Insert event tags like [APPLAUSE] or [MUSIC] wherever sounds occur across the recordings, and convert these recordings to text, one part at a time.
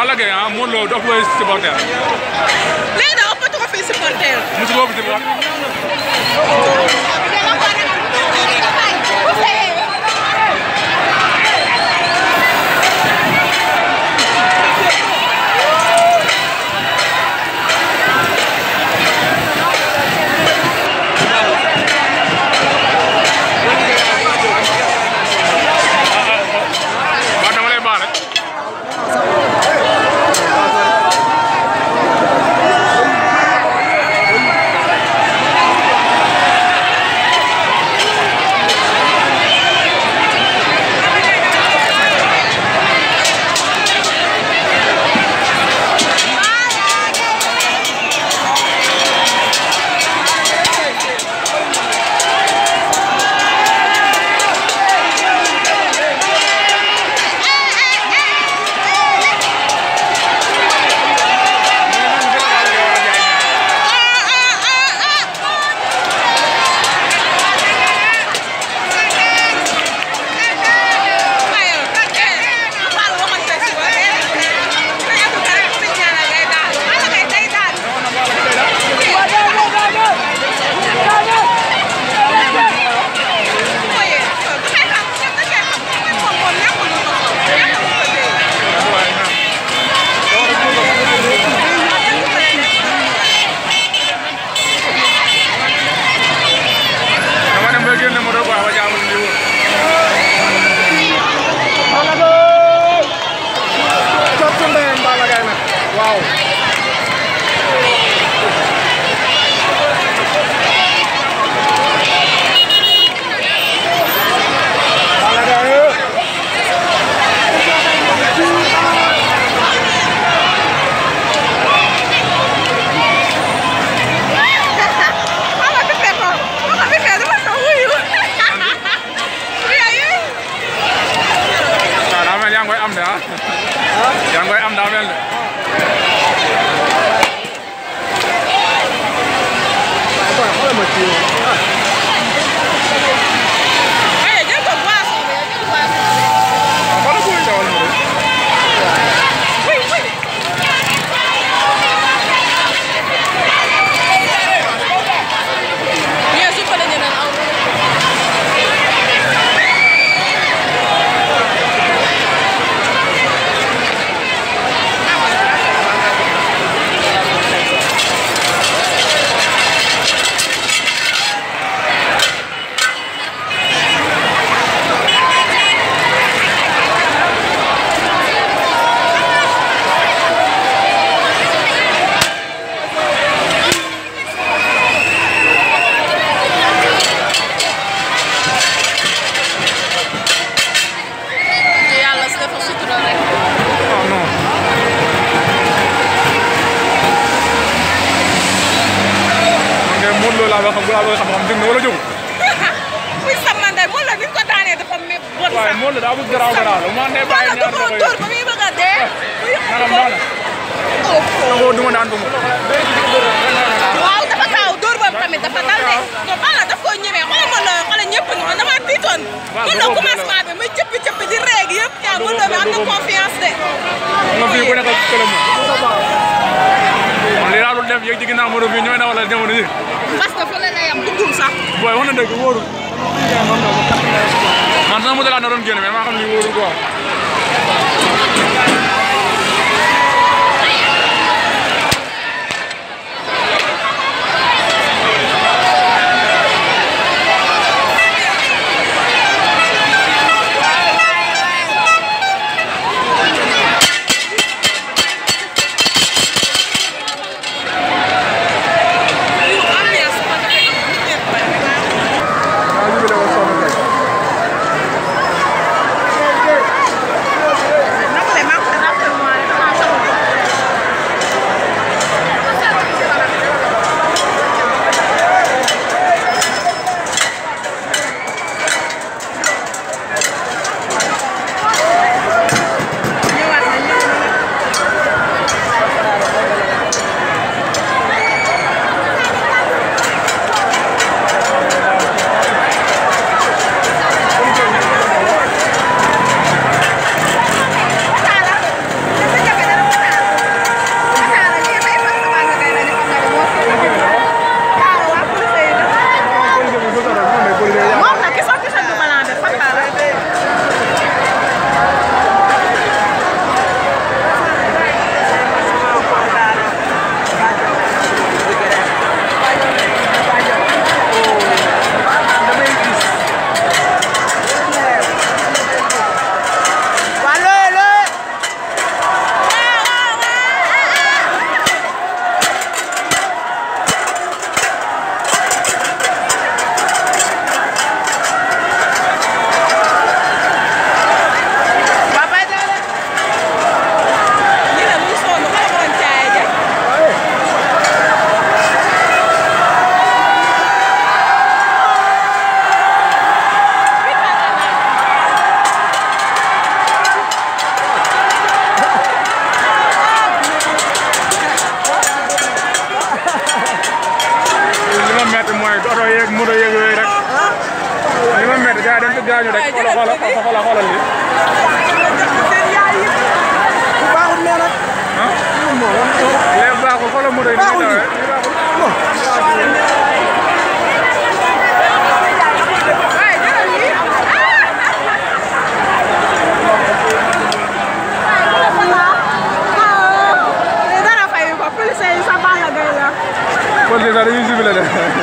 Balla Gaye ah Modou Lo dafa koy supporter. léegi nag ëppatu ko fii supporter. mosu ko ëpp waaye moom la daa bëgg garaaw garaaw la mu andee bàyyi ñaar loxo yi. maanaam noonu. nangoo duma daan duma. waaw dafa kaaw dóor boobu tamit dafa dal de. donc voilà daf koo ñëwee xoolal ma la xoolal ñëpp noonu dama tiitoon. waaw dëgg la commencement bi muy cëppi cëppi di réeg yëpp. yaa ngi doon am na confiance de. nga fii ku nekkal këram. li laa doon def yëg ci ginnaaw morom bi ñooy na wala jamono yi. parce que fa la lay am duggul sax. booy wax na dëgg wóorul. man sama moto laa naroon génn mais maa xam ne lii wóorul quoi. ko xoolal xoolal lii. baaxul nee nag. ah léegi baaxul xoolal moto yi ni muy dawee. Porque daí eu jubilo.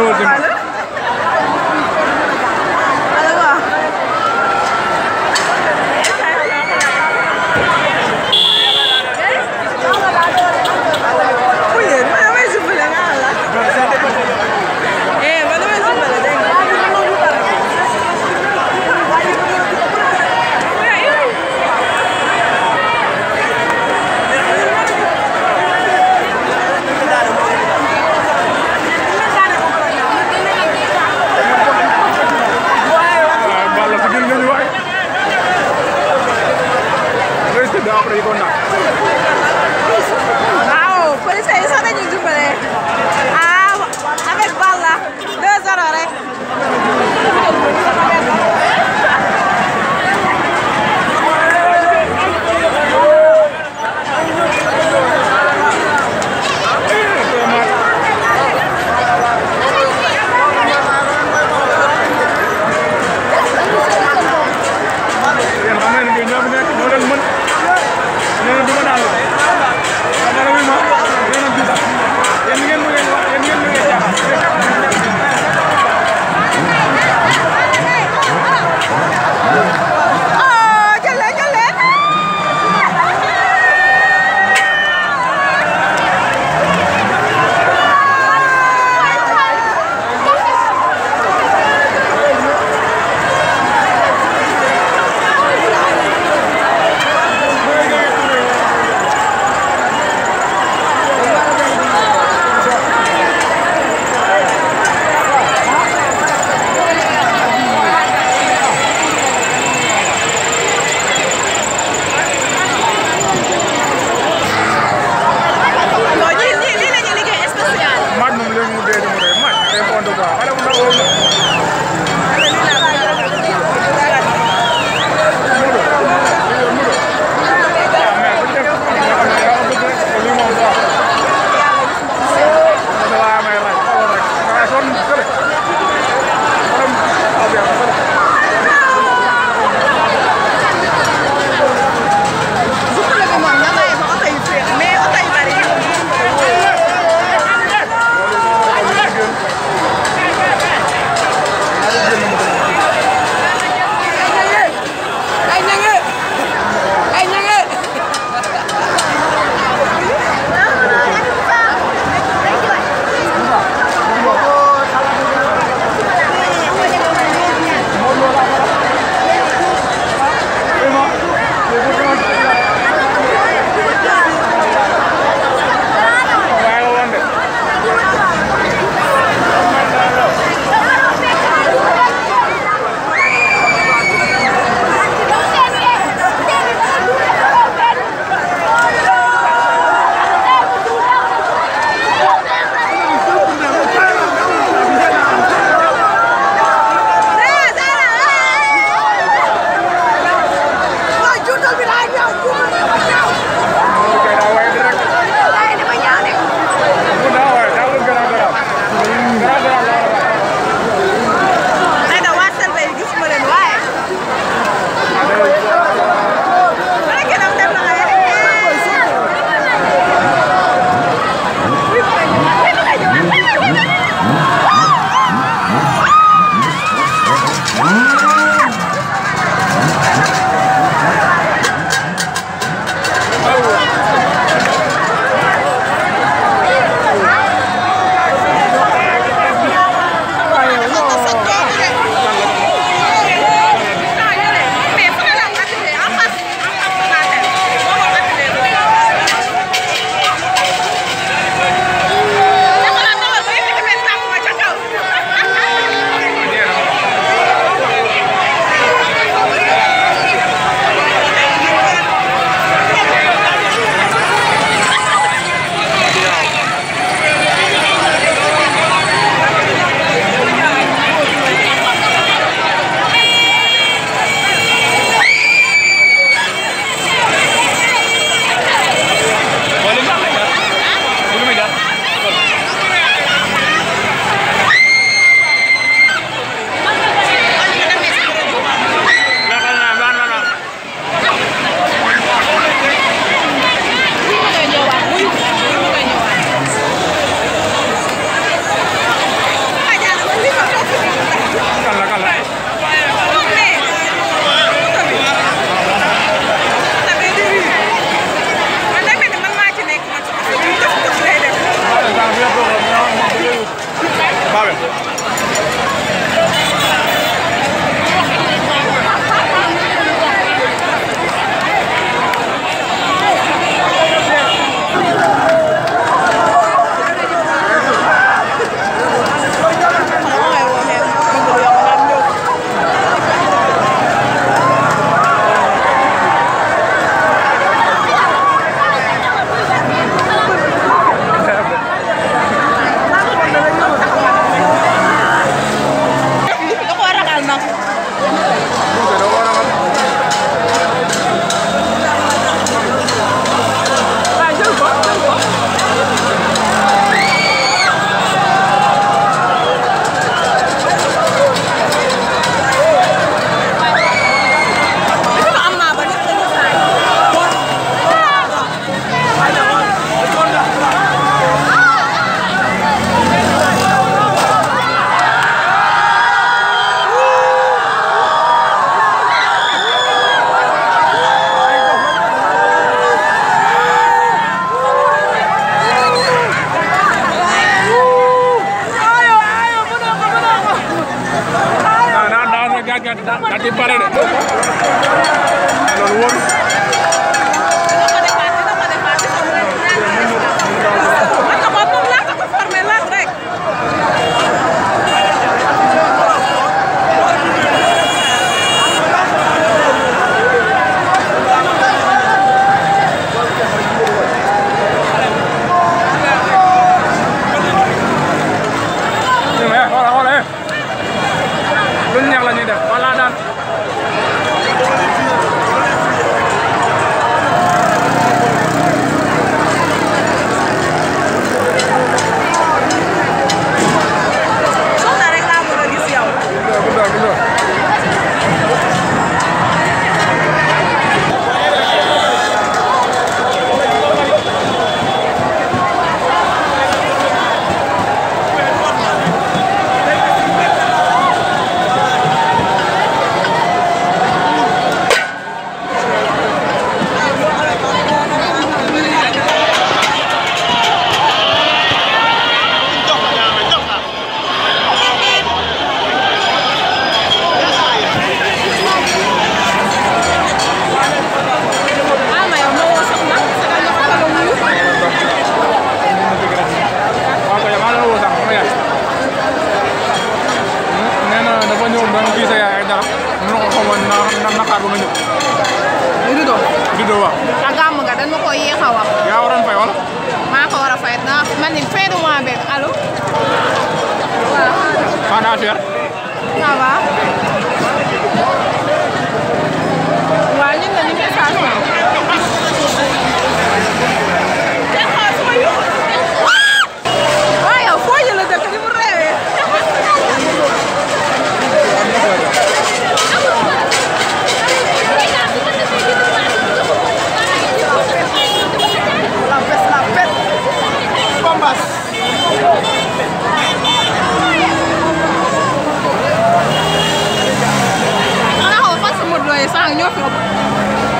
ñëwal dem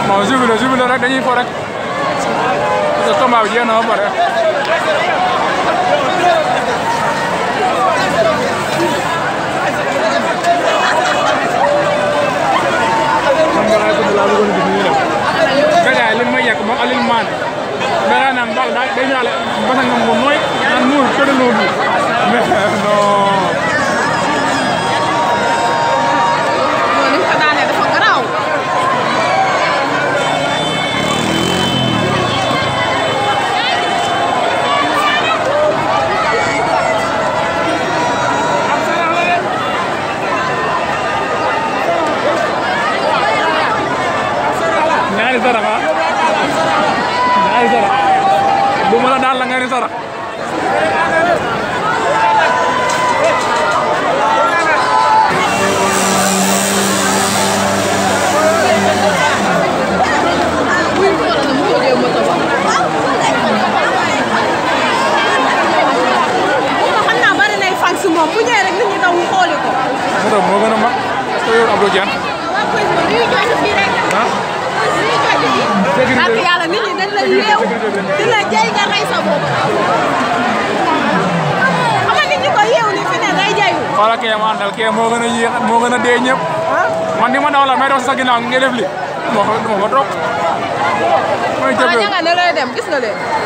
bon jubilo jubilo rek dañuy fo rek parce que combat bi jeex na ba pare xam nga ay ko la lu gën a gis ñu def gajaay li ma yekk moom Aliou Mané Beranang dal dai dai nyala pasang ngomong noi nan mul kada nudu. [LAUGHS] No. dara ah. Yàlla nit ñi sa réew dina jëy nga rey sa bopp. xam nga nit ñi ko yeewu ni fi ne day jayu. xoolal kee ma àndal kee moo gën a yéex moo gën a dee ñëpp. Ah? man ni ma daw la may dox sa ginnaaw nga def li ma fa ma fa toog. mooy ah, jëfee waaw ña nga ne looy dem gis nga leen.